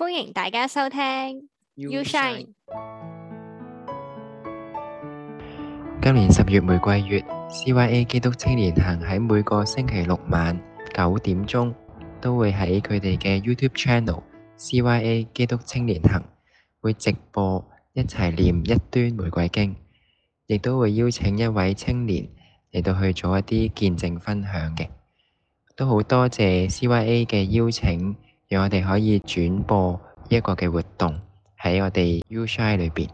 歡迎大家收聽。You Shine。今年十月玫瑰月，CYA 基督青年行喺每個星期六晚九點鐘都會喺佢哋嘅 YouTube Channel CYA 基督青年行會直播一齊念一端玫瑰經，亦都會邀請一位青年嚟到去做一啲見證分享嘅。都好多謝 CYA 嘅邀請。讓我哋可以轉播一個嘅活動喺我哋 U Shine 裏邊。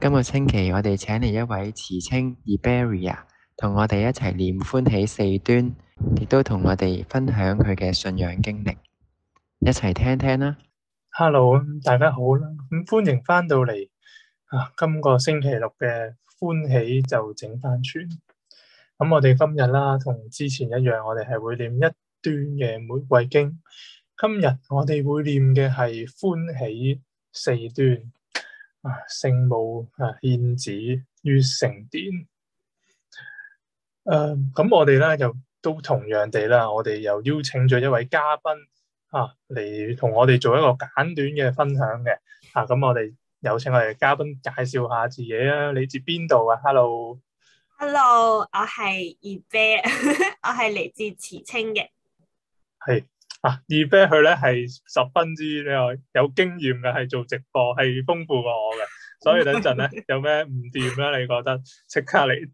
今個星期我哋請嚟一位慈青 Eberia，同我哋一齊念歡喜四端，亦都同我哋分享佢嘅信仰經歷，一齊聽聽啦。Hello，大家好啦，咁歡迎翻到嚟啊。今個星期六嘅歡喜就整翻村！咁、嗯、我哋今日啦，同之前一樣，我哋係會念一段嘅玫瑰經。今日我哋會念嘅係歡喜四端」母子成、「啊，聖母啊，獻子於聖殿。誒，咁我哋咧就都同樣地啦，我哋又邀請咗一位嘉賓啊嚟，同我哋做一個簡短嘅分享嘅。啊，咁我哋有請我哋嘅嘉賓介紹下自己啦。你自邊度啊？Hello，Hello，我係二姐，我係嚟自慈青嘅，係。二啤佢咧係十分之呢個有經驗嘅，係做直播係豐富過我嘅，所以等陣咧 有咩唔掂咧，你覺得即刻嚟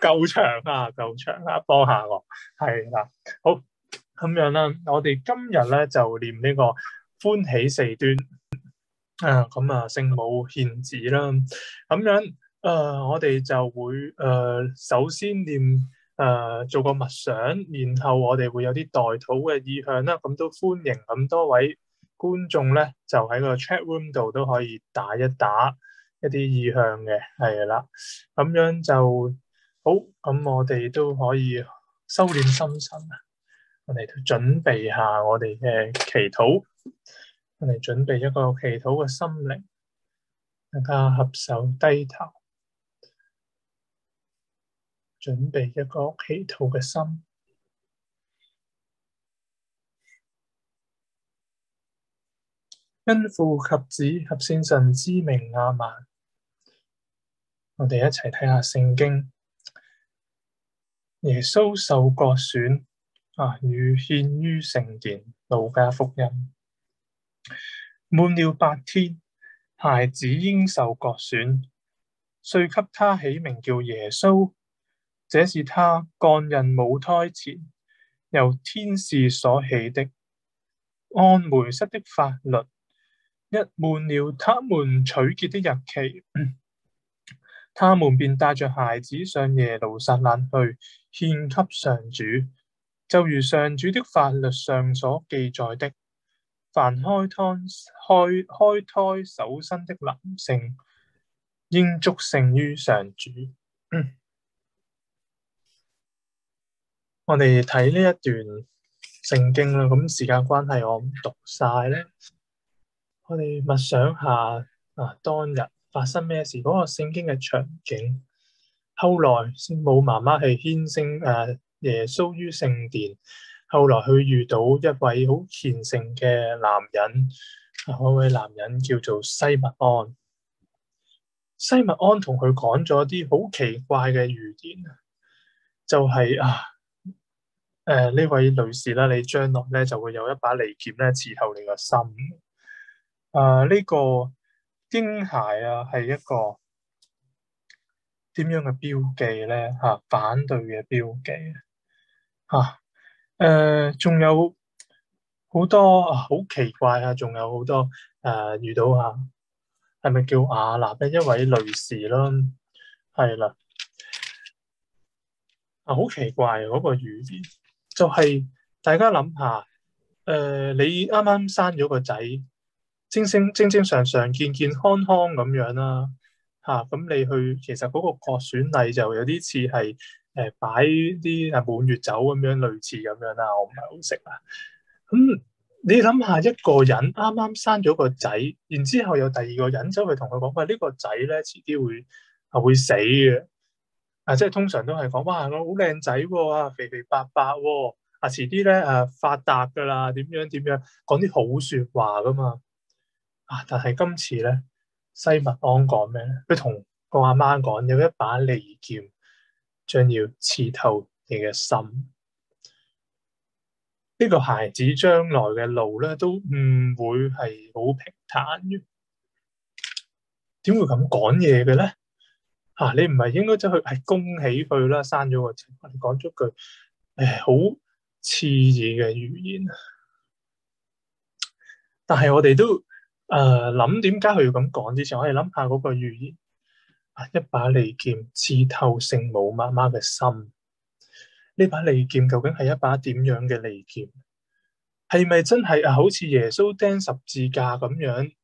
救場啊，救場啦，幫下我，係啦，好咁樣啦，啊，我哋今日咧就念呢、這個歡喜四端啊，咁啊聖母獻子啦，咁樣誒、呃、我哋就會誒、呃、首先念。誒、呃，做個默想，然後我哋會有啲代禱嘅意向啦，咁都歡迎咁多位觀眾咧，就喺個 chat room 度都可以打一打一啲意向嘅，係啦，咁樣就好，咁我哋都可以收斂心神，我哋準備下我哋嘅祈禱，我哋準備一個祈禱嘅心靈，大家合手低頭。準備一個祈禱嘅心，因父及子及聖神之名，阿們，我哋一齊睇下聖經。耶穌受割損啊，預獻於聖殿，路加福音。滿了八天，孩子應受割損，遂給他起名叫耶穌。這是他降孕母胎前由天使所起的，按梅瑟的法律。一滿了他們取結的日期， 他們便帶着孩子上耶路撒冷去獻給上主，就如上主的法律上所記載的：凡開胎開開胎守身的男性，應祝聖於上主。 我哋睇呢一段聖經啦，咁時間關係我唔讀晒咧。我哋默想下啊，當日發生咩事？嗰、那個聖經嘅場景，後來聖母媽媽係牽聖誒、啊、耶穌於聖殿，後來佢遇到一位好虔誠嘅男人，嗰位男人叫做西密安。西密安同佢講咗啲好奇怪嘅預言，就係、是、啊。誒，呢、呃、位女士啦，你將來咧就會有一把利劍咧刺透你個心。誒、呃，呢、這個驚鞋啊，係一個點樣嘅標記咧？吓、啊，反對嘅標記。吓，誒，仲有好多好奇怪啊！仲、呃、有好多誒、啊啊，遇到啊，係咪叫雅娜嘅一位女士啦，係啦，啊，好奇怪嗰、啊那個語言。就係大家諗下，誒、呃、你啱啱生咗個仔，正正正正常常健健康康咁樣啦，嚇、啊、咁你去其實嗰個割損禮就有啲似係誒擺啲係滿月酒咁樣類似咁樣啦，我唔係好識啦。咁、嗯、你諗下一個人啱啱生咗個仔，然之後有第二個人走去同佢講喂，呃這個、呢個仔咧遲啲會係會死嘅。啊！即係通常都係講哇，我好靚仔喎，啊，肥肥白白喎，啊，啊遲啲咧誒發達噶啦，點樣點樣，講啲好說話噶嘛。啊！但係今次咧，西密安講咩咧？佢同個阿媽講，有一把利劍將要刺透你嘅心。呢，呢個孩子將來嘅路咧都唔會係好平坦。點會咁講嘢嘅咧？啊！你唔係應該走去係恭喜佢啦，刪咗個情，我哋講咗句誒，好、哎、刺耳嘅語言。但係我哋都誒諗點解佢要咁講之前，我哋諗下嗰個語言。一把利劍刺透聖母媽媽嘅心。呢把利劍究竟係一把點樣嘅利劍？係咪真係啊？好似耶穌釘十字架咁樣，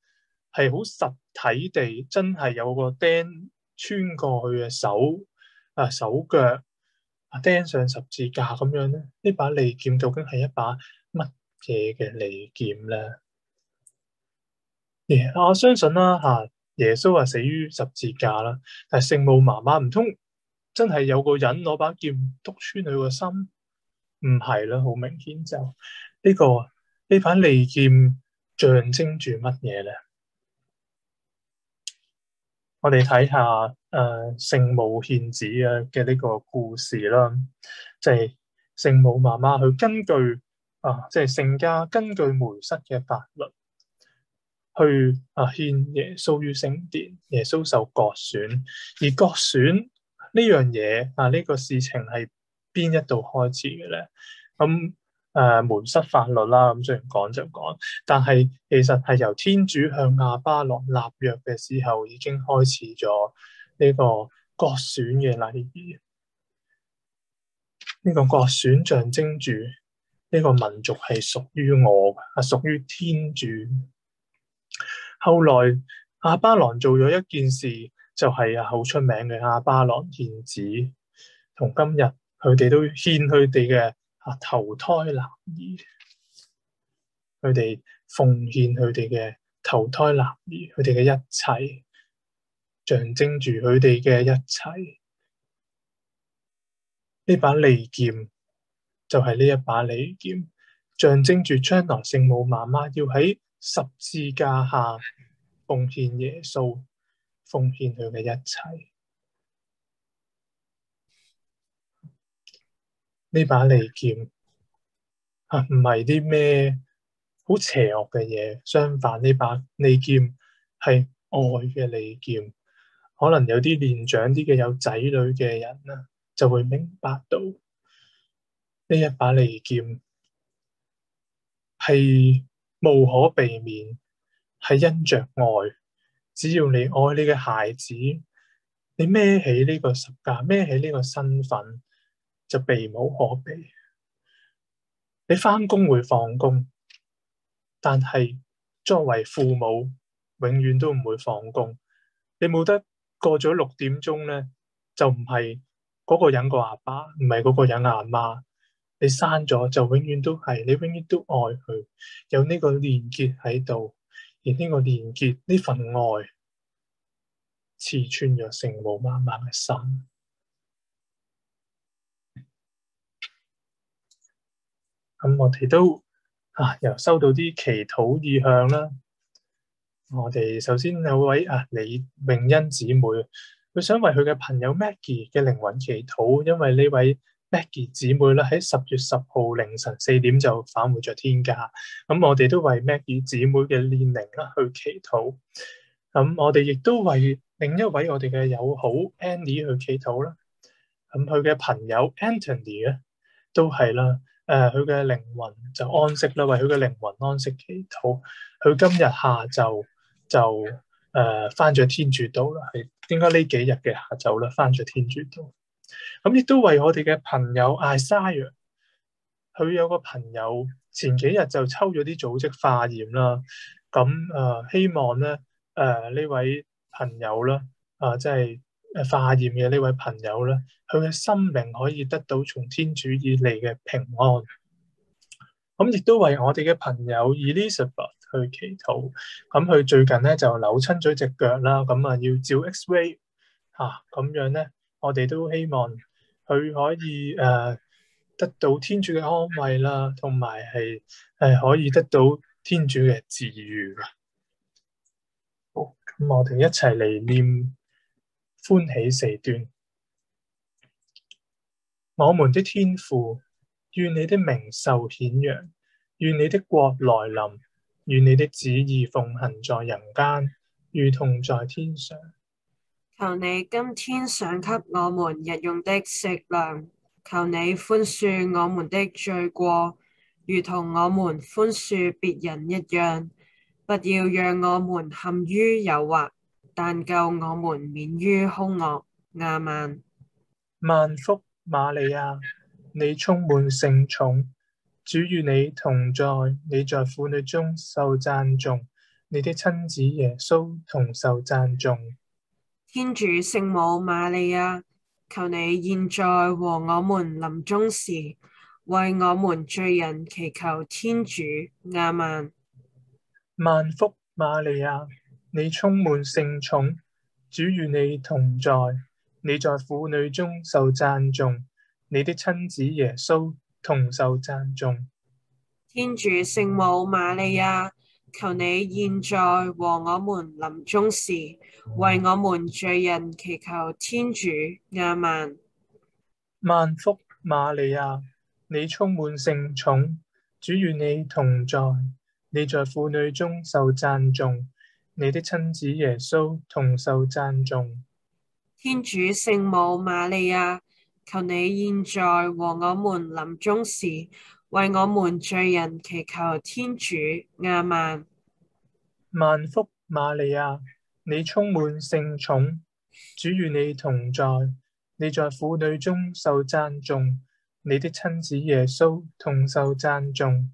係好實體地真係有個釘。穿過佢嘅手啊、手腳啊釘上十字架咁樣咧，呢把利劍究竟係一把乜嘢嘅利劍咧？耶、yeah,！我相信啦、啊、吓，耶穌啊死於十字架啦，但係聖母媽媽唔通真係有個人攞把劍督穿佢個心？唔係啦，好明顯就呢、呢個呢把利劍象徵住乜嘢咧？我哋睇下，誒、呃，聖母獻子嘅嘅呢個故事啦，即係聖母媽媽去根據啊，即係聖家根據梅瑟嘅法律去啊獻耶穌於聖殿，耶穌受割損，而割損呢樣嘢啊呢，呢個事情係邊一度開始嘅咧？咁、嗯。誒、呃，梅瑟法律啦。咁雖然講就講，但係其實係由天主向亞巴郎立約嘅時候，已經開始咗呢個割損嘅禮儀。呢、這個割損象徵住呢個民族係屬於我，啊，屬於天主。後來阿巴郎做咗一件事，就係啊，好出名嘅阿巴郎獻子。同今日佢哋都獻佢哋嘅。啊！頭胎男兒，佢哋奉獻佢哋嘅頭胎男兒，佢哋嘅一切，象徵住佢哋嘅一切。呢把利劍就係呢一把利劍，象徵住將來聖母媽媽要喺十字架下奉獻耶穌，奉獻佢嘅一切。呢把利劍吓唔係啲咩好邪惡嘅嘢，相反呢把利劍係愛嘅利劍。可能有啲年長啲嘅有仔女嘅人啦，就會明白到呢一把利劍係無可避免，係因着愛。只要你愛你嘅孩子，你孭起呢個十架，孭起呢個身份。就避無可避。你翻工會放工，但係作為父母，永遠都唔會放工。你冇得過咗六點鐘咧，就唔係嗰個人個阿爸，爸，唔係嗰個人阿媽，媽。你生咗就永遠都係你，永遠都愛佢，有呢個連結喺度，而呢個連結呢份愛，刺穿咗成冇媽媽嘅心。咁、嗯、我哋都啊，又收到啲祈禱意向啦。我哋首先有位啊李永欣姊妹，佢想為佢嘅朋友 Maggie 嘅靈魂祈禱，因為呢位 Maggie 姊妹咧喺十月十號凌晨四點就返回咗天家。咁、嗯、我哋都為 Maggie 姊妹嘅煉靈啦去祈禱。咁、嗯、我哋亦都為另一位我哋嘅友好 Andy 去祈禱啦。咁佢嘅朋友 Anthony 咧都係啦。誒佢嘅靈魂就安息啦，為佢嘅靈魂安息祈禱。佢今日下晝就誒、呃、返咗天主島啦，係應該呢幾日嘅下晝啦，返咗天主島。咁、嗯、亦都為我哋嘅朋友艾沙洋，佢、啊、有個朋友前幾日就抽咗啲組織化驗啦。咁、嗯、誒、呃、希望咧誒呢、呃、位朋友啦啊，即、呃、係。誒，化驗嘅呢位朋友咧，佢嘅生命可以得到從天主以嚟嘅平安。咁亦都為我哋嘅朋友 Elizabeth 去祈禱。咁佢最近咧就扭親咗隻腳啦，咁啊要照 X-ray 吓，咁、啊、樣咧，我哋都希望佢可以誒、呃、得到天主嘅安慰啦，同埋係誒可以得到天主嘅治癒噶。好，咁我哋一齊嚟念。歡喜四端，我們的天父，願你的名受顯揚，願你的國來臨，願你的旨意奉行在人間，如同在天上。求你今天賞給我們日用的食糧，求你寬恕我們的罪過，如同我們寬恕別人一樣，不要讓我們陷於誘惑。但救我們免於凶惡，阿曼，萬福瑪利亞，你充滿聖寵，主與你同在，你在婦女中受讚頌，你的親子耶穌同受讚頌。天主聖母瑪利亞，求你現在和我們臨終時，為我們罪人祈求天主，阿曼，萬福瑪利亞。你充滿聖寵，主與你同在，你在婦女中受讚頌，你的親子耶穌同受讚頌。天主聖母瑪利亞，求你現在和我們臨終時，為我們罪人祈求天主。阿們。萬福瑪利亞，你充滿聖寵，主與你同在，你在婦女中受讚頌。你的親子耶穌同受讚頌。天主聖母瑪利亞，求你現在和我們臨終時，為我們罪人祈求天主阿。阿曼。萬福瑪利亞，你充滿聖寵，主與你同在，你在婦女中受讚頌，你的親子耶穌同受讚頌。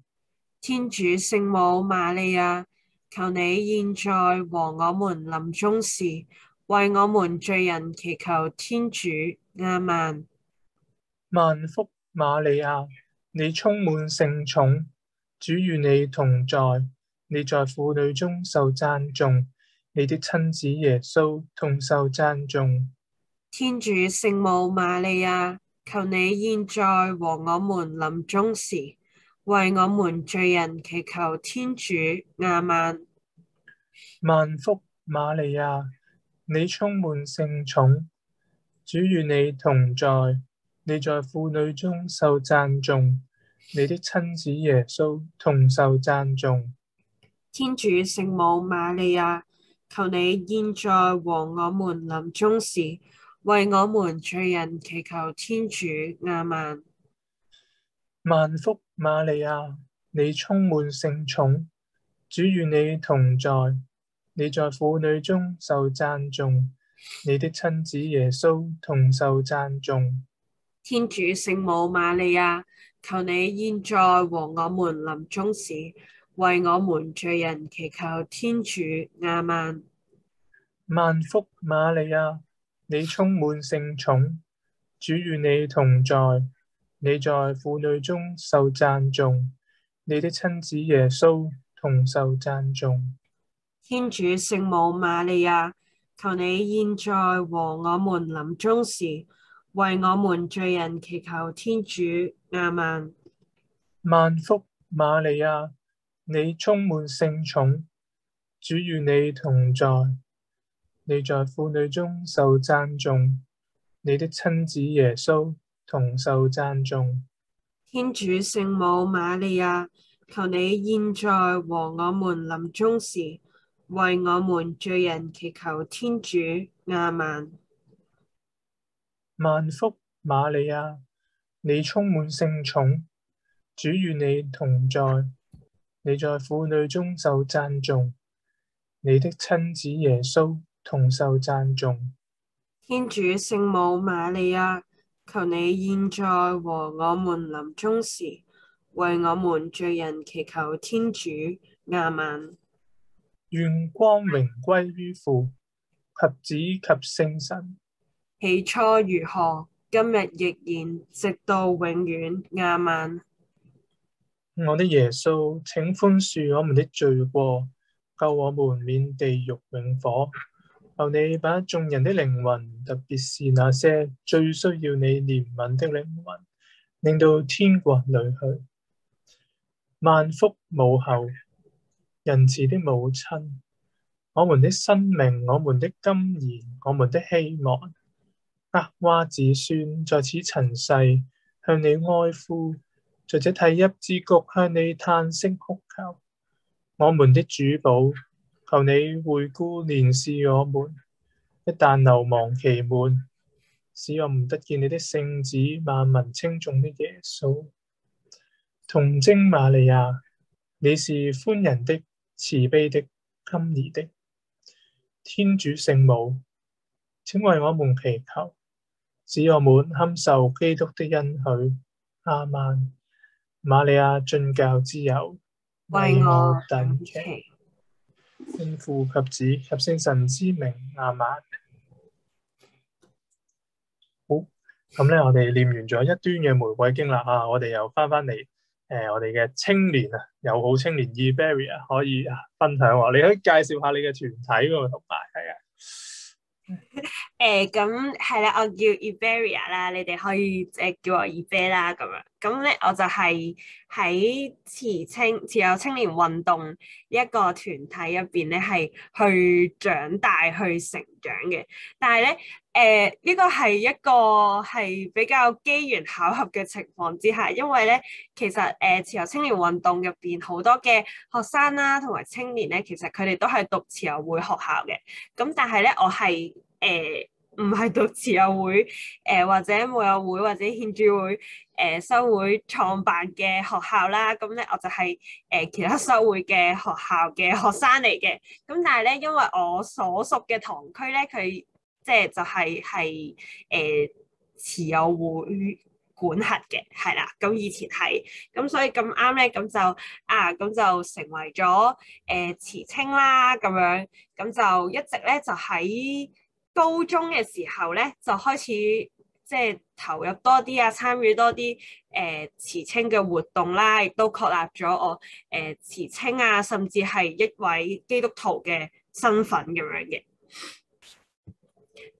天主聖母瑪利亞。求你現在和我們臨終時，為我們罪人祈求天主，阿曼。萬福瑪利亞，你充滿聖寵，主與你同在，你在婦女中受讚頌，你的親子耶穌同受讚頌。天主聖母瑪利亞，求你現在和我們臨終時。為我們罪人祈求天主亞曼，萬福瑪利亞，你充滿聖寵，主與你同在，你在婦女中受讚頌，你的親子耶穌同受讚頌。天主聖母瑪利亞，求你現在和我們臨終時，為我們罪人祈求天主亞曼。萬福瑪利亞，你充滿聖寵，主與你同在，你在婦女中受讚頌，你的親子耶穌同受讚頌。天主聖母瑪利亞，求你現在和我們臨終時，為我們罪人祈求天主。阿曼。萬福瑪利亞，你充滿聖寵，主與你同在。你在婦女中受讚頌，你的親子耶穌同受讚頌。天主聖母瑪利亞，求你現在和我們臨終時，為我們罪人祈求天主。阿們，萬福瑪利亞，你充滿聖寵，主與你同在。你在婦女中受讚頌，你的親子耶穌。同受讚頌。天主聖母瑪利亞，求你現在和我們臨終時，為我們罪人祈求天主。阿曼。萬福瑪利亞，你充滿聖寵，主與你同在，你在婦女中受讚頌，你的親子耶穌同受讚頌。天主聖母瑪利亞。求你現在和我們臨終時，為我們罪人祈求天主。亞曼。願光榮歸於父及子及聖神。起初如何，今日亦然，直到永遠。亞曼。我的耶穌，請寬恕我們的罪過，救我們免地獄永火。求你把眾人的靈魂特、啊，特別是那些最需要你憐憫的靈魂，令到天國裏去。萬福母后，仁慈的母親，我們的生命，我們的甘飴，我們的希望，家、啊、娃子孫在此塵世向你哀呼，在這涕泣之谷向你嘆息哭求，我們的主保。求你回顧憐視我們，一旦流亡期滿，使我們得見你的聖子，萬民稱頌的耶穌。童貞瑪利亞，你是寬仁的、慈悲的、甘飴的天主聖母，請為我們祈求，使我們堪受基督的恩許。阿們。瑪利亞進教之佑，為我等祈。聖父及子，及聖神之名阿們。好，咁呢，我哋念完咗一端嘅玫瑰經啦啊，我哋又翻返嚟，誒，我哋嘅青年啊，友好青年 Eberia 可以分享啊，你可以介紹下你嘅團體喎，同埋係啊，誒咁係啦，我叫 Eberia 啦，你哋可以誒叫我 Eberia 啦咁樣。咁咧，我就係喺慈青、慈幼青年運動一個團體入邊咧，係去長大、去成長嘅。但係咧，誒呢個係一個係比較機緣巧合嘅情況之下，因為咧，其實誒慈、呃、幼青年運動入邊好多嘅學生啦、啊，同埋青年咧，其實佢哋都係讀慈幼會學校嘅。咁但係咧，我係誒唔係讀慈幼會誒、呃，或者母佑會或者獻主會。誒修、呃、會創辦嘅學校啦，咁咧我就係、是、誒、呃、其他修會嘅學校嘅學生嚟嘅，咁但係咧，因為我所屬嘅堂區咧，佢即係就係係誒慈幼會管轄嘅，係啦，咁以前係，咁、嗯、所以咁啱咧，咁就啊咁就成為咗誒、呃、慈青啦，咁樣，咁就一直咧就喺高中嘅時候咧就開始。即係投入多啲啊，參與多啲誒慈青嘅活動啦，亦都確立咗我誒慈青啊，甚至係一位基督徒嘅身份咁樣嘅。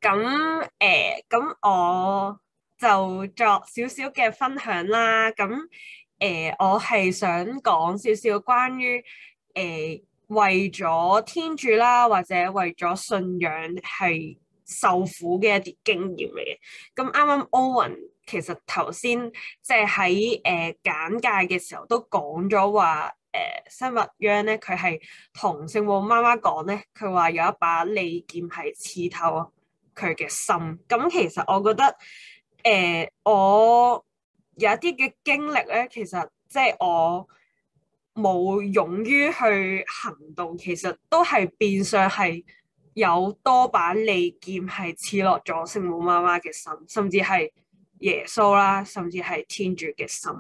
咁誒，咁、呃、我就作少少嘅分享啦。咁誒、呃，我係想講少少關於誒、呃、為咗天主啦，或者為咗信仰係受苦嘅一啲經驗嚟嘅，咁啱啱 Owen 其實頭先即係喺誒簡介嘅時候都講咗話，誒生物央咧佢係同聖母媽媽講咧，佢話有一把利劍係刺透佢嘅心。咁其實我覺得誒、呃，我有一啲嘅經歷咧，其實即係我冇勇於去行動，其實都係變相係。有多把利劍係刺落咗聖母媽媽嘅心，甚至係耶穌啦，甚至係天主嘅心。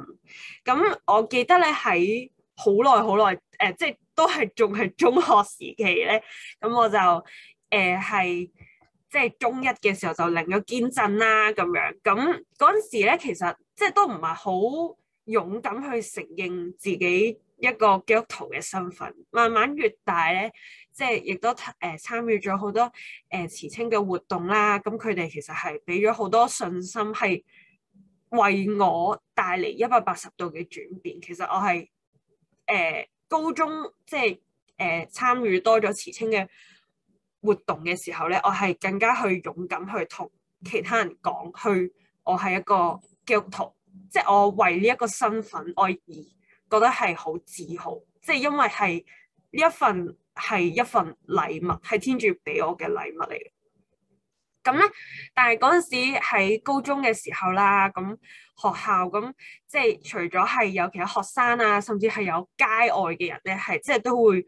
咁我記得咧，喺好耐好耐，誒、呃，即係都係仲係中學時期咧。咁我就誒係、呃、即係中一嘅時候就領咗堅振啦，咁樣。咁嗰陣時咧，其實即係都唔係好勇敢去承認自己一個基督徒嘅身份，慢慢越大咧，即係亦都誒參與咗好多誒慈青嘅活動啦。咁佢哋其實係俾咗好多信心，係為我帶嚟一百八十度嘅轉變。其實我係誒、呃、高中即係誒參與多咗慈青嘅活動嘅時候咧，我係更加去勇敢去同其他人講，去我係一個基督徒，即係我為呢一個身份愛義。覺得係好自豪，即係因為係呢一份係一份禮物，係天主俾我嘅禮物嚟嘅。咁咧，但係嗰陣時喺高中嘅時候啦，咁、嗯、學校咁、嗯、即係除咗係有其他學生啊，甚至係有街外嘅人咧，係即係都會誒、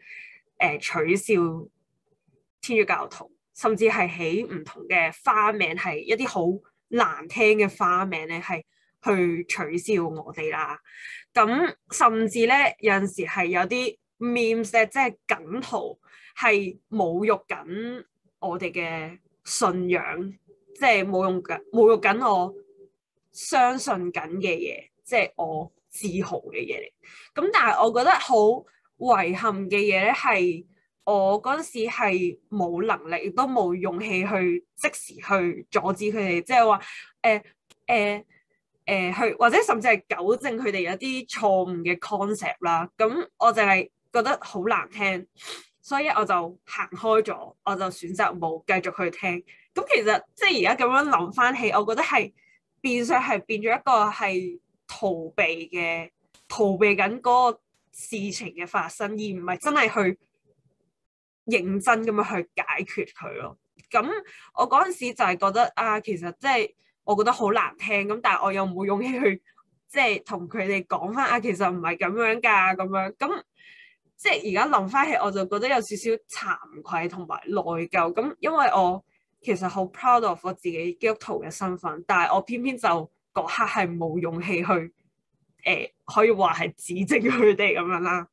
呃、取笑天主教徒，甚至係起唔同嘅花名，係一啲好難聽嘅花名咧，係。去取笑我哋啦，咁甚至咧，有陣時係有啲 memes 即係梗圖，係侮辱緊我哋嘅信仰，即係侮辱緊侮辱緊我相信緊嘅嘢，即係我自豪嘅嘢嚟。咁但係我覺得好遺憾嘅嘢咧，係我嗰陣時係冇能力亦都冇勇氣去即時去阻止佢哋，即係話誒誒。誒誒誒去、呃，或者甚至係糾正佢哋有啲錯誤嘅 concept 啦。咁我就係覺得好難聽，所以我就行開咗，我就選擇冇繼續去聽。咁其實即係而家咁樣諗翻起，我覺得係變相係變咗一個係逃避嘅，逃避緊嗰個事情嘅發生，而唔係真係去認真咁樣去解決佢咯。咁我嗰陣時就係覺得啊，其實即係。我覺得好難聽，咁但係我又冇勇氣去，即係同佢哋講翻啊，其實唔係咁樣㗎，咁樣咁即係而家諗翻起，我就覺得有少少慚愧同埋內疚，咁因為我其實好 proud of 我自己基督徒嘅身份，但係我偏偏就嗰刻係冇勇氣去，誒、呃、可以話係指責佢哋咁樣啦。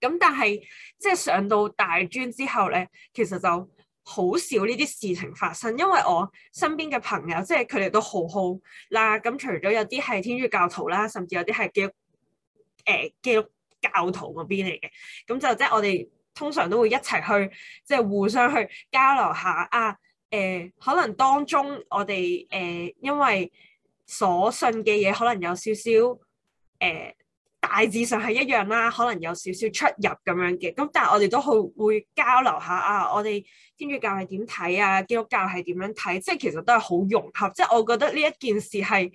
咁但係即係上到大專之後咧，其實就～好少呢啲事情發生，因為我身邊嘅朋友即係佢哋都好好啦。咁除咗有啲係天主教徒啦，甚至有啲係基督教、呃、基督教徒嗰邊嚟嘅。咁、嗯、就即係我哋通常都會一齊去，即係互相去交流下啊。誒、呃，可能當中我哋誒、呃、因為所信嘅嘢可能有少少誒。呃大致上係一樣啦，可能有少少出入咁樣嘅，咁但係我哋都好會，會交流下啊，我哋天主教係點睇啊，基督教係點樣睇，即係其實都係好融合。即係我覺得呢一件事係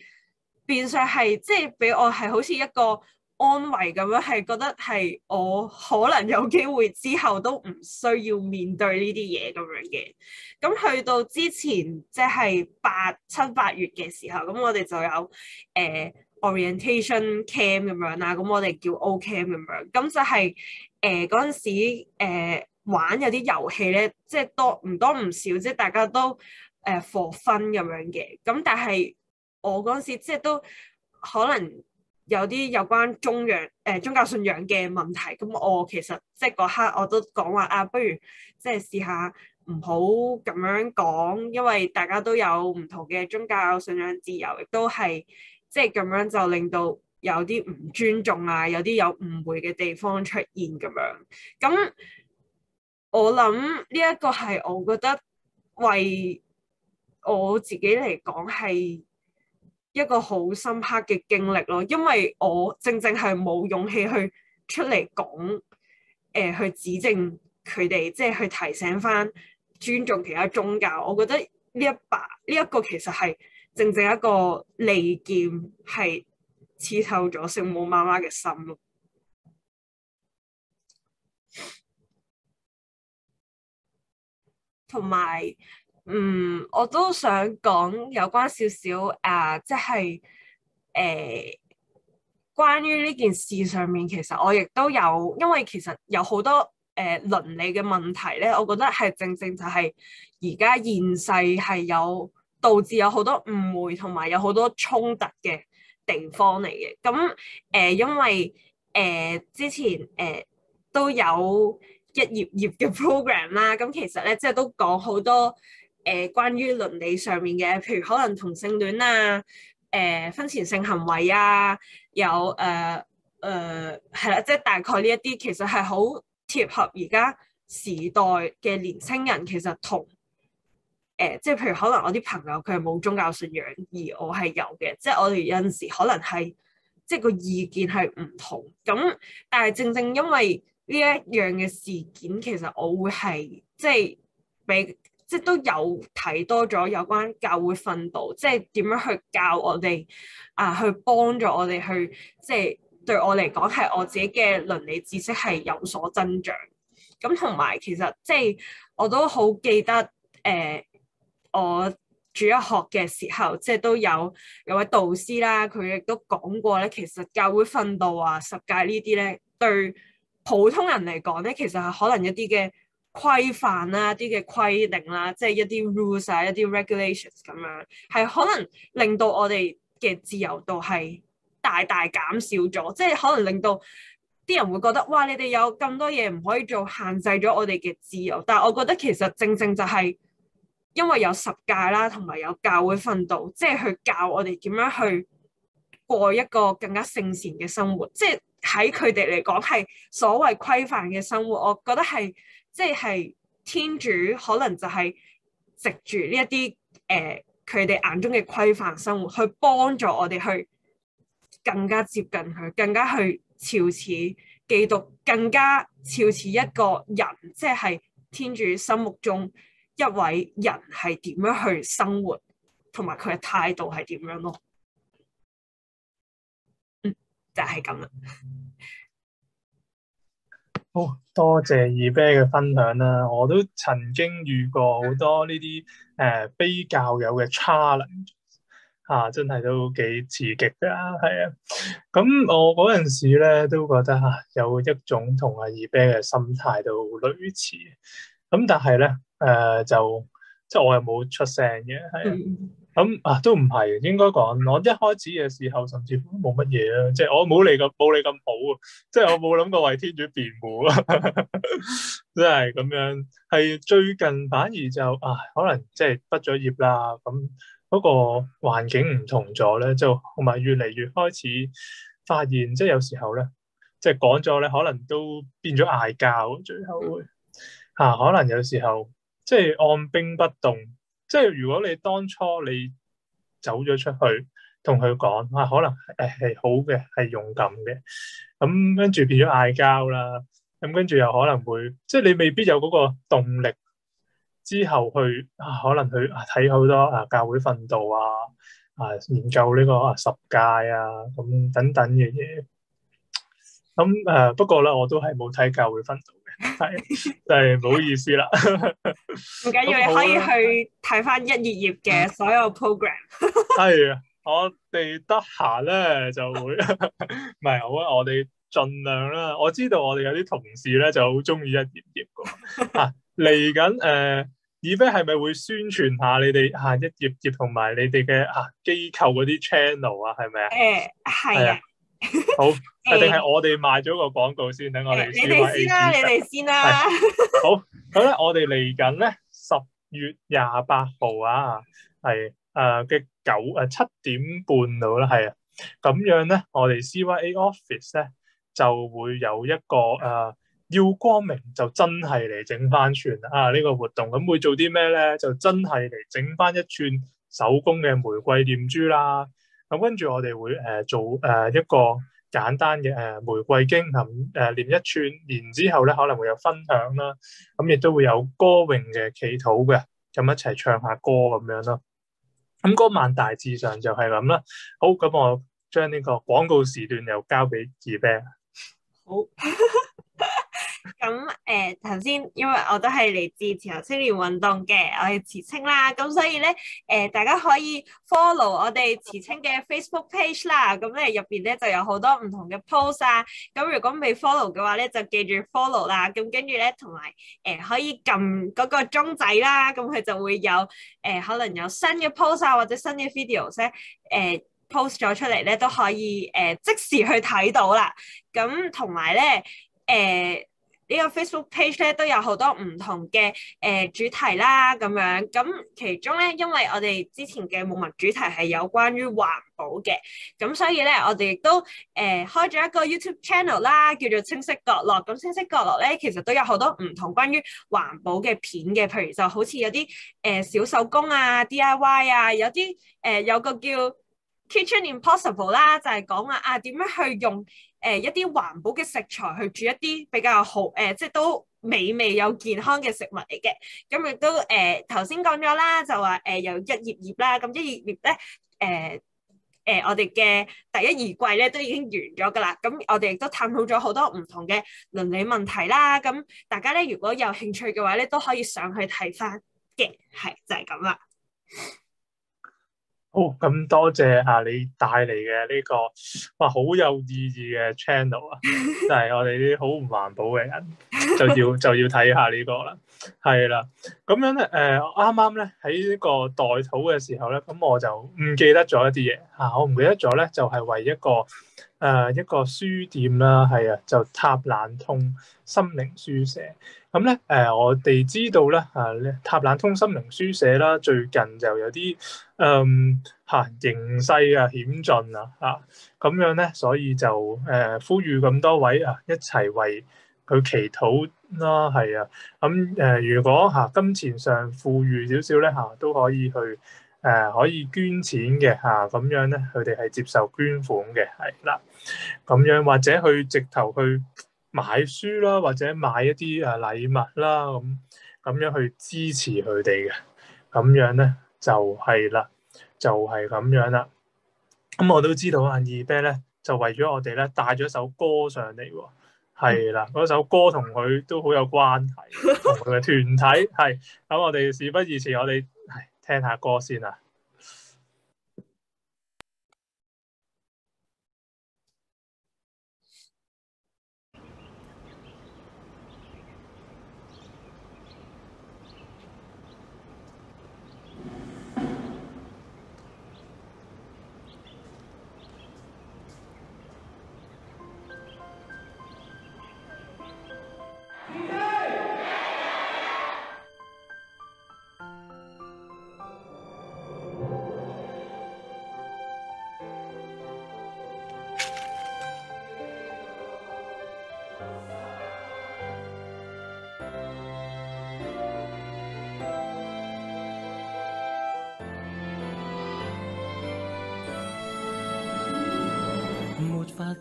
變相係即係俾我係好似一個安慰咁樣，係覺得係我可能有機會之後都唔需要面對呢啲嘢咁樣嘅。咁去到之前即係八七八月嘅時候，咁我哋就有誒。呃 Orientation cam 咁樣啦，咁我哋叫 O cam 咁樣、就是，咁就係誒嗰陣時、呃、玩有啲遊戲咧，即係多唔多唔少，即係大家都、呃、FOR 分咁樣嘅。咁但係我嗰陣時即係都可能有啲有關宗教誒宗教信仰嘅問題。咁我其實即係嗰刻我都講話啊，不如即係試下唔好咁樣講，因為大家都有唔同嘅宗教信仰自由，亦都係。即係咁樣就令到有啲唔尊重啊，有啲有誤會嘅地方出現咁樣。咁我諗呢一個係我覺得為我自己嚟講係一個好深刻嘅經歷咯，因為我正正係冇勇氣去出嚟講，誒、呃、去指正佢哋，即係去提醒返尊重其他宗教。我覺得呢一擺呢一個其實係。正正一個利劍係刺透咗聖母媽媽嘅心咯，同埋嗯，我都想講有關少少誒，即係誒關於呢件事上面，其實我亦都有，因為其實有好多誒倫理嘅問題咧，我覺得係正正就係而家現世係有。導致有好多誤會同埋有好多衝突嘅地方嚟嘅。咁誒、呃，因為誒、呃、之前誒、呃、都有一頁頁嘅 program 啦。咁、嗯、其實咧，即係都講好多誒、呃、關於倫理上面嘅，譬如可能同性戀啊、誒、呃、婚前性行為啊，有誒誒係啦，即係大概呢一啲其實係好貼合而家時代嘅年輕人其實同。誒，即係譬如可能我啲朋友佢係冇宗教信仰，而我係有嘅。即係我哋有陣時可能係即係個意見係唔同咁，但係正正因為呢一樣嘅事件，其實我會係即係畀即係都有睇多咗有關教會訓導，即係點樣去教我哋啊，去幫助我哋去即係對我嚟講係我自己嘅倫理知識係有所增長。咁同埋其實即係我都好記得誒、呃我主一學嘅時候，即係都有有位導師啦，佢亦都講過咧，其實教會訓導啊、十誡呢啲咧，對普通人嚟講咧，其實係可能一啲嘅規範啦、啊、一啲嘅規定啦、啊，即係一啲 rules 啊、一啲 regulations 咁、啊、樣，係可能令到我哋嘅自由度係大大減少咗，即係可能令到啲人會覺得，哇，你哋有咁多嘢，唔可以做，限制咗我哋嘅自由。但係我覺得其實正正就係、是。因為有十誡啦，同埋有，有教會訓導，即係去教我哋點樣去過一個更加聖善嘅生活。即係喺佢哋嚟講係所謂規範嘅生活，我覺得係即係天主可能就係藉住呢一啲誒，佢、呃、哋眼中嘅規範生活，去幫助我哋去更加接近佢，更加去朝似基督，更加朝似一個人，即係天主心目中。一位人係點樣去生活，同埋佢嘅態度係點樣咯？嗯，就係咁啦。好、哦、多謝二啤嘅分享啦，我都曾經遇過好多呢啲誒非教友嘅 challenge 吓，真係都幾刺激噶，係啊。咁我嗰陣時咧都覺得吓、啊、有一種同阿二啤嘅心態都類似，咁、啊、但係咧。誒、呃、就即係我係冇出聲嘅，係咁、嗯嗯、啊都唔係應該講，我一開始嘅時候甚至乎冇乜嘢啦，即係我冇你咁冇你咁好啊， 即係我冇諗過為天主辯護啦，真係咁樣。係最近反而就啊，可能即係畢咗業啦，咁嗰個環境唔同咗咧，就同埋越嚟越開始發現，即係有時候咧，即係講咗咧，可能都變咗嗌交，最後會啊，可能有時候。即係按兵不動，即係如果你當初你走咗出去同佢講，啊可能誒係好嘅，係勇敢嘅，咁跟住變咗嗌交啦，咁跟住又可能會，即係你未必有嗰個動力之後去、啊、可能去睇好多啊教會訓導啊，啊研究呢個十啊十誡啊咁等等嘅嘢，咁、嗯、誒、啊、不過咧我都係冇睇教會訓導。就係唔 好意思啦，唔緊要，你可以去睇翻一頁頁嘅所有 program。係 啊，我哋得閒咧就會，唔係好啊，我哋盡量啦。我知道我哋有啲同事咧就好中意一頁頁噶。啊，嚟緊誒，以飛係咪會宣傳下你哋吓一頁頁同埋你哋嘅啊機構嗰啲 channel 啊，係咪啊？誒、呃，係啊。好，一定係我哋賣咗個廣告先，等我哋。你哋先啦、啊，是你哋先啦、啊。 好，咁咧、啊呃，我哋嚟緊咧十月廿八號啊，係誒嘅九誒七點半到啦，係啊。咁樣咧，我哋 CIA Office 咧就會有一個誒、呃、要光明就真係嚟整翻串啊呢、呢個活動，咁會做啲咩咧？就真係嚟整翻一串手工嘅玫瑰念珠啦。咁跟住我哋會誒、呃、做誒、呃、一個簡單嘅誒、呃、玫瑰經，咁誒念一串，然之後咧可能會有分享啦，咁、嗯、亦都會有歌詠嘅祈禱嘅，咁、嗯、一齊唱下歌咁樣咯。咁嗰晚大致上就係咁啦。好，咁、嗯、我將呢個廣告時段又交俾二啤。好。 咁誒頭先，因為我都係嚟自前潮青年運動嘅，我係慈青啦，咁所以咧誒、呃，大家可以 follow 我哋慈青嘅 Facebook page 啦，咁咧入邊咧就有好多唔同嘅 post 啊，咁如果未 follow 嘅話咧，就記住 follow 啦，咁跟住咧同埋誒可以撳嗰個鐘仔啦，咁佢就會有誒、呃、可能有新嘅 post 啊，或者新嘅 videos 咧誒、呃、post 咗出嚟咧都可以誒、呃、即時去睇到啦，咁同埋咧誒。呃個呢個 Facebook page 咧都有好多唔同嘅誒、呃、主題啦，咁樣咁其中咧，因為我哋之前嘅木文主題係有關於環保嘅，咁所以咧我哋亦都誒、呃、開咗一個 YouTube channel 啦，叫做清晰角落。咁、嗯、清晰角落咧其實都有好多唔同關於環保嘅片嘅，譬如就好似有啲誒、呃、小手工啊、DIY 啊，有啲誒、呃、有個叫 Kitchen Impossible 啦，就係、是、講啊啊點樣去用。誒、呃、一啲環保嘅食材去煮一啲比較好誒、呃，即係都美味又健康嘅食物嚟嘅。咁、嗯、亦都誒頭先講咗啦，就話誒有一葉葉啦，咁、嗯、一葉葉咧誒誒我哋嘅第一二季咧都已經完咗噶啦。咁、嗯、我哋亦都探討咗好多唔同嘅倫理問題啦。咁、嗯、大家咧如果有興趣嘅話咧，都可以上去睇翻嘅，係就係、是、咁啦。哦，咁多謝啊！你帶嚟嘅呢個，哇，好有意義嘅 channel 啊，就係 我哋啲好唔環保嘅人，就要就要睇下呢個啦。係啦，咁樣咧，誒、呃，啱啱咧喺呢個代討嘅時候咧，咁我就唔記得咗一啲嘢吓，我唔記得咗咧就係、是、為一個誒、呃、一個書店啦，係啊，就塔冷通心靈書社咁咧，誒、嗯呃，我哋知道咧吓咧塔冷通心靈書社啦，最近就有啲嗯吓、啊、形勢啊險峻啊吓，咁、啊、樣咧，所以就誒、呃、呼籲咁多位啊一齊為。去祈禱啦，係啊，咁、嗯、誒、呃，如果吓、啊，金錢上富裕少少咧吓，都可以去誒、呃，可以捐錢嘅吓，咁、啊、樣咧，佢哋係接受捐款嘅，係啦，咁、嗯、樣或者去直頭去買書啦，或者買一啲誒禮物啦，咁、啊、咁、嗯、樣去支持佢哋嘅，咁樣咧就係啦，就係、是、咁、就是、樣啦。咁、嗯、我都知道阿二啤咧就為咗我哋咧帶咗首歌上嚟喎。係啦，嗰首歌同佢都好有關係，同佢嘅團體係咁。我哋事不宜遲，我哋係聽下歌先啦。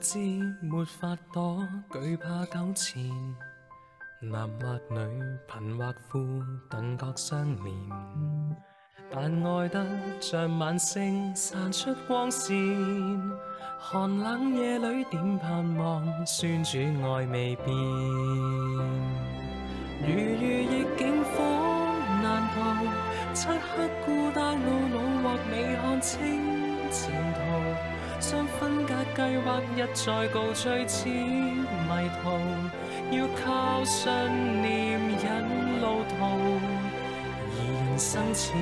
知沒法躲，懼怕糾纏。男或女，貧或富，頓覺相連。但愛得像晚星散出光線，寒冷夜裡點盼望，宣主愛未變。如遇逆境方難逃，漆黑孤單路，路或未看清前途，相分。計劃一再告吹，似迷途，要靠信念引路途。而人生似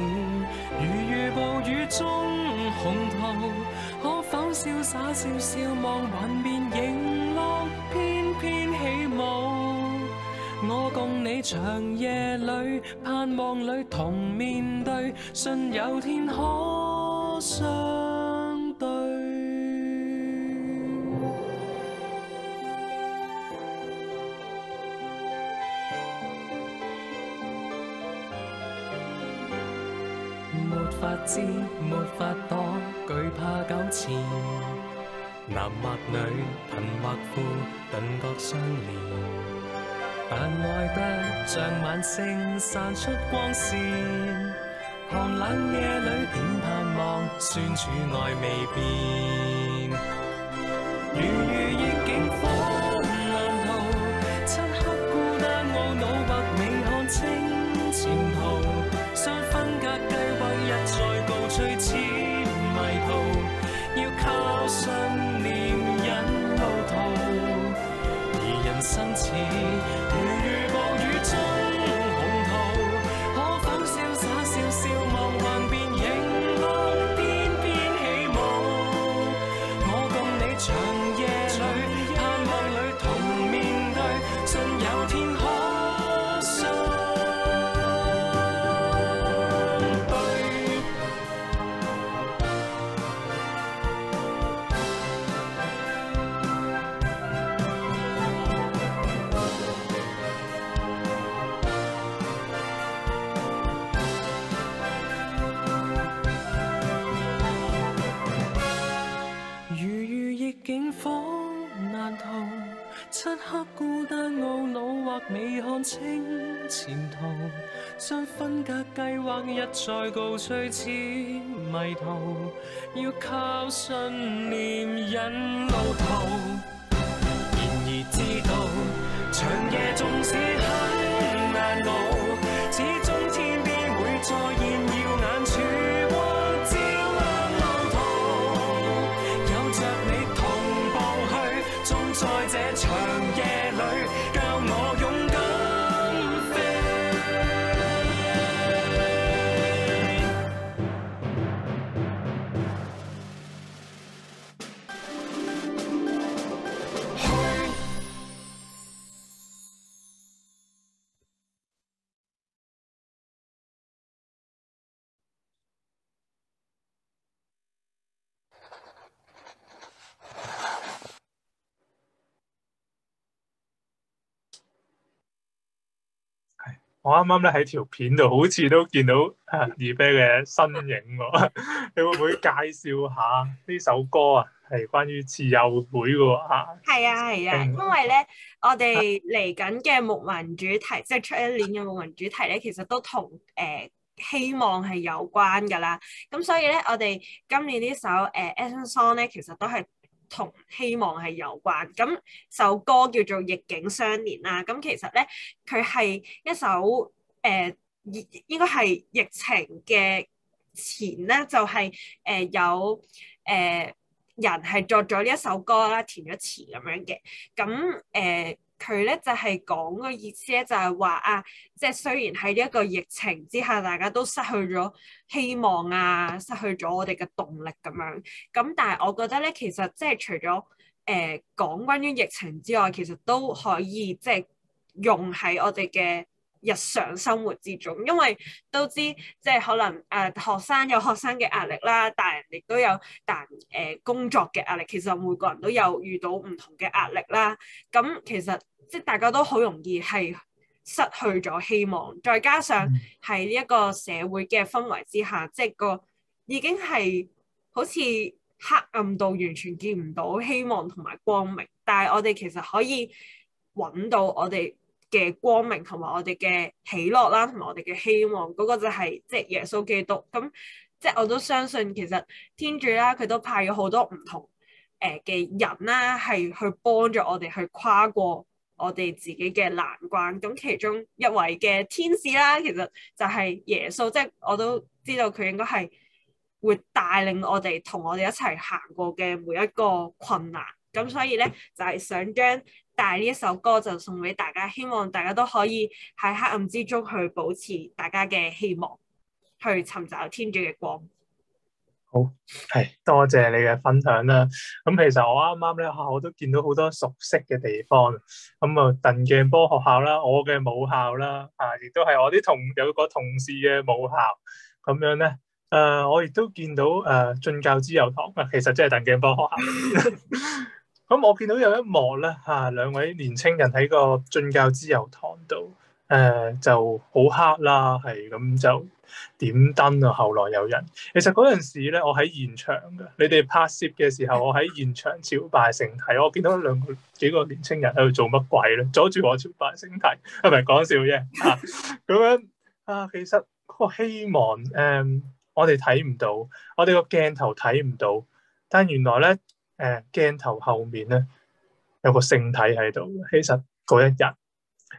如遇暴雨中洪濤，可否瀟灑笑笑望雲面，迎落翩翩起舞。我共你長夜裏盼望裏同面對，信有天可相。沒法躲，懼怕糾纏。男或女，貧或富，頓覺相連。但愛得像晚星散出光線，寒冷夜裏點盼望，酸楚愛未變。將分隔計劃一再告吹，似迷途，要靠信念引路途。然而知道，長夜縱使很難熬，始終天邊會再。我啱啱咧喺條片度，好似都見到二啤嘅身影喎。 你會唔會介紹下呢首歌啊？係關於慈幼會嘅啊？係啊係啊，因為咧我哋嚟緊嘅牧民主題，啊、即係出一年嘅牧民主題咧，其實都同誒、呃、希望係有關噶啦。咁所以咧，我哋今年呢首誒《Evensong、呃》咧，其實都係。同希望係有關，咁首歌叫做《逆境相連》啦。咁其實咧，佢係一首誒、呃，應應該係疫情嘅前咧，就係、是、誒、呃、有誒、呃、人係作咗呢一首歌啦，填咗詞咁樣嘅。咁誒。呃佢咧就係講個意思咧，就係話啊，即係雖然喺呢個疫情之下，大家都失去咗希望啊，失去咗我哋嘅動力咁樣。咁但係我覺得咧，其實即係除咗誒講關於疫情之外，其實都可以即係、就是、用喺我哋嘅日常生活之中，因為都知即係可能誒、呃、學生有學生嘅壓力啦，大人亦都有大人、呃、工作嘅壓力。其實每個人都有遇到唔同嘅壓力啦。咁其實即係大家都好容易係失去咗希望，再加上喺呢一個社會嘅氛圍之下，即係個已經係好似黑暗到完全見唔到希望同埋光明。但係我哋其實可以揾到我哋。嘅光明同埋我哋嘅喜樂啦，同埋我哋嘅希望，嗰、那個就係即係耶穌基督。咁即係我都相信其實天主啦、啊，佢都派咗好多唔同誒嘅、呃、人啦、啊，係去幫助我哋去跨過我哋自己嘅難關。咁其中一位嘅天使啦、啊，其實就係耶穌，即係我都知道佢應該係會帶領我哋同我哋一齊行過嘅每一個困難。咁所以咧，就係、是、想將《大》呢一首歌就送俾大家，希望大家都可以喺黑暗之中去保持大家嘅希望，去尋找天主嘅光。好，係、哎、多謝你嘅分享啦。咁其實我啱啱咧，我都見到好多熟悉嘅地方。咁啊、呃，鄧鏡波學校啦，我嘅母校啦，啊，亦都係我啲同有個同事嘅母校。咁樣咧，誒、呃，我亦都見到誒進、呃、教之佑堂啊，其實即係鄧鏡波學校。 咁我見到有一幕咧嚇，兩、啊、位年青人喺個進教之友堂度，誒、呃、就好黑啦，係咁就點燈啊！後來有人，其實嗰陣時咧，我喺現場嘅，你哋拍攝嘅時候，我喺現場朝拜聖體，我見到兩個幾個年青人喺度做乜鬼咧，阻住我朝拜聖體，係咪講笑啫嚇。咁、啊、樣啊，其實嗰個希望誒、嗯，我哋睇唔到，我哋個鏡頭睇唔到，但原來咧。誒、啊、鏡頭後面咧有個聖體喺度，其實嗰一日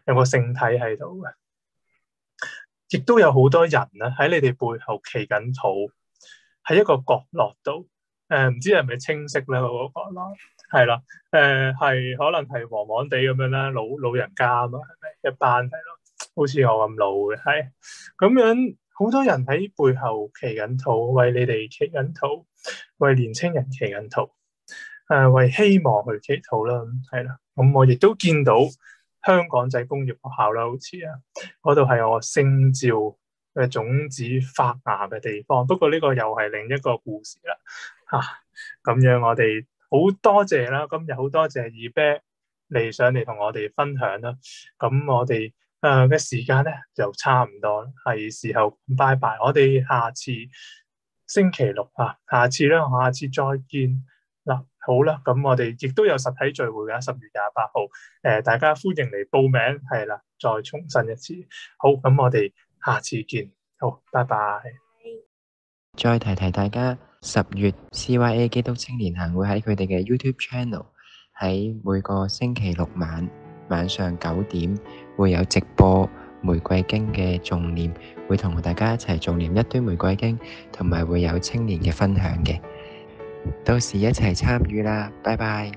有個聖體喺度嘅，亦都有好多人咧、啊、喺你哋背後祈緊禱，喺一個角落度。誒、啊、唔知係咪清晰咧嗰、那個角落？係啦，誒、啊、係可能係黃黃地咁樣啦，老老人家啊嘛，係咪？一班係咯，好似我咁老嘅，係咁樣好多人喺背後祈緊禱，為你哋祈緊禱，為年青人祈緊禱。誒，為希望去祈禱啦，係啦，咁我亦都見到香港仔工業學校啦，好似啊，嗰度係我星照嘅種子發芽嘅地方。不過呢個又係另一個故事啦。吓、啊，咁樣我哋好多謝啦，咁又好多謝二啤嚟，上嚟同我哋分享啦。咁我哋誒嘅時間咧就差唔多啦，係時候拜拜。我哋下次星期六啊，下次啦，我下次再見。好啦，咁我哋亦都有實體聚會噶，十月廿八號，誒、呃，大家歡迎嚟報名，係啦，再重申一次，好，咁我哋下次見，好，拜拜。再提提大家，十月 CYA 基督青年行會喺佢哋嘅 YouTube Channel 喺每個星期六晚晚上九點會有直播玫瑰經嘅重念，會同大家一齊重念一堆玫瑰經，同埋會有青年嘅分享嘅。到時一齊參與啦，拜拜！